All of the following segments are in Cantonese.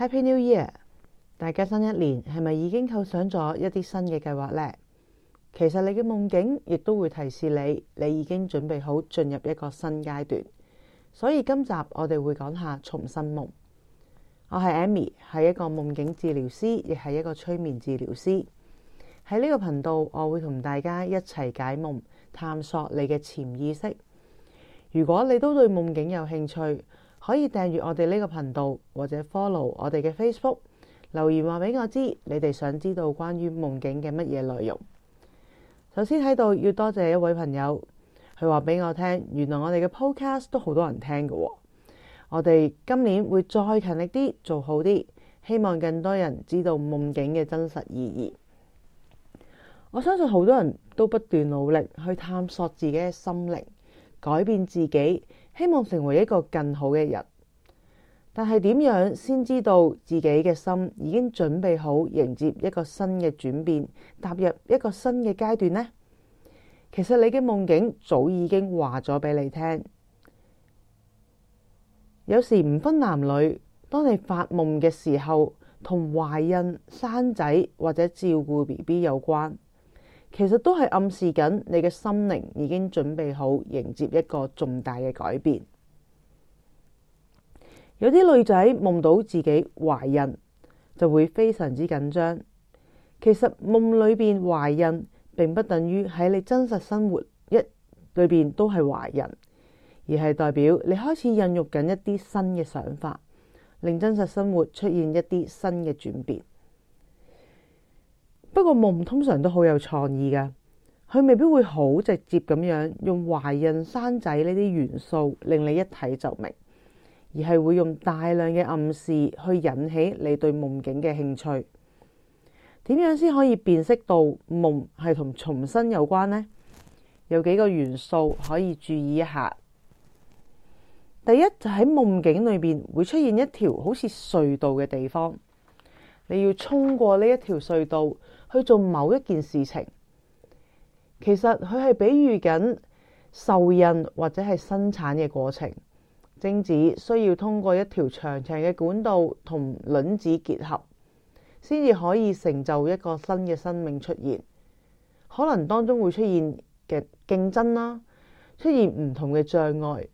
Happy New Year！大家新一年係咪已經構想咗一啲新嘅計劃呢？其實你嘅夢境亦都會提示你，你已經準備好進入一個新階段。所以今集我哋會講下重生夢。我係 Amy，係一個夢境治療師，亦係一個催眠治療師。喺呢個頻道，我會同大家一齊解夢，探索你嘅潛意識。如果你都對夢境有興趣，可以訂閱我哋呢個頻道，或者 follow 我哋嘅 Facebook 留言，話俾我知你哋想知道關於夢境嘅乜嘢內容。首先喺度要多謝一位朋友，佢話俾我聽，原來我哋嘅 podcast 都好多人聽嘅。我哋今年會再勤力啲做好啲，希望更多人知道夢境嘅真實意義。我相信好多人都不斷努力去探索自己嘅心靈，改變自己。希望成為一個更好嘅人，但係點樣先知道自己嘅心已經準備好迎接一個新嘅轉變，踏入一個新嘅階段呢？其實你嘅夢境早已經話咗俾你聽，有時唔分男女，當你發夢嘅時候，同懷孕、生仔或者照顧 BB 有關。其實都係暗示緊你嘅心靈已經準備好迎接一個重大嘅改變。有啲女仔夢到自己懷孕，就會非常之緊張。其實夢裏邊懷孕，並不等於喺你真實生活一裏邊都係懷孕，而係代表你開始孕育緊一啲新嘅想法，令真實生活出現一啲新嘅轉變。不過夢通常都好有創意噶，佢未必會好直接咁樣用懷孕生仔呢啲元素令你一睇就明，而係會用大量嘅暗示去引起你對夢境嘅興趣。點樣先可以辨識到夢係同重生有關呢？有幾個元素可以注意一下。第一就喺夢境裏邊會出現一條好似隧道嘅地方。你要衝過呢一條隧道去做某一件事情，其實佢係比喻緊受孕或者係生產嘅過程。精子需要通過一條長長嘅管道同卵子結合，先至可以成就一個新嘅生命出現。可能當中會出現嘅競爭啦，出現唔同嘅障礙。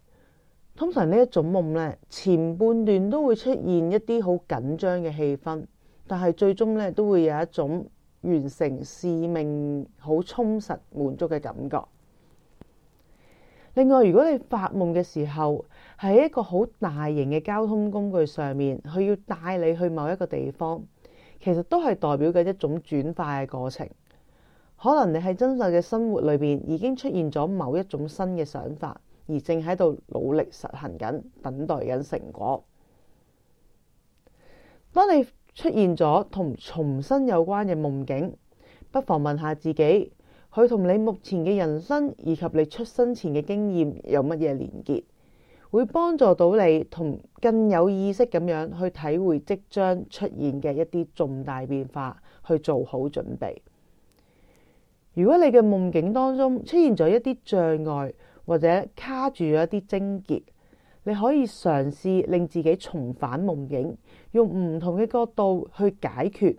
通常呢一種夢呢，前半段都會出現一啲好緊張嘅氣氛。但係最終咧，都會有一種完成使命、好充實滿足嘅感覺。另外，如果你發夢嘅時候喺一個好大型嘅交通工具上面，佢要帶你去某一個地方，其實都係代表嘅一種轉化嘅過程。可能你喺真實嘅生活裏邊已經出現咗某一種新嘅想法，而正喺度努力實行緊，等待緊成果。當你出現咗同重生有關嘅夢境，不妨問下自己，佢同你目前嘅人生以及你出生前嘅經驗有乜嘢連結？會幫助到你同更有意識咁樣去體會即將出現嘅一啲重大變化，去做好準備。如果你嘅夢境當中出現咗一啲障礙或者卡住咗一啲症結。你可以嘗試令自己重返夢境，用唔同嘅角度去解決，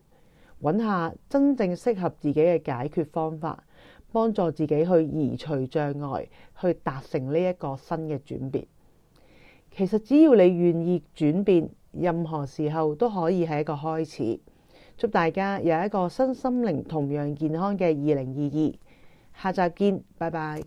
揾下真正適合自己嘅解決方法，幫助自己去移除障礙，去達成呢一個新嘅轉變。其實只要你願意轉變，任何時候都可以係一個開始。祝大家有一個身心靈同樣健康嘅二零二二，下集見，拜拜。